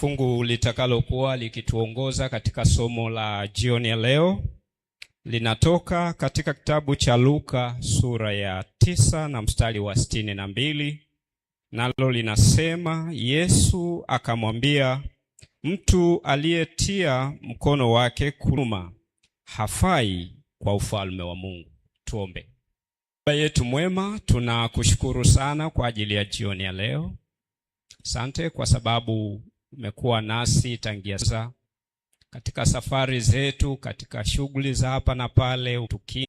Fungu litakalokuwa likituongoza katika somo la jioni ya leo linatoka katika kitabu cha Luka sura ya tisa na mstari wa sitini na mbili nalo linasema, Yesu akamwambia mtu aliyetia mkono wake kuluma hafai kwa ufalme wa Mungu. Tuombe. Baba yetu mwema, tunakushukuru sana kwa ajili ya jioni ya leo. sante kwa sababu umekuwa nasi tangia sasa katika safari zetu, katika shughuli za hapa na pale, utuki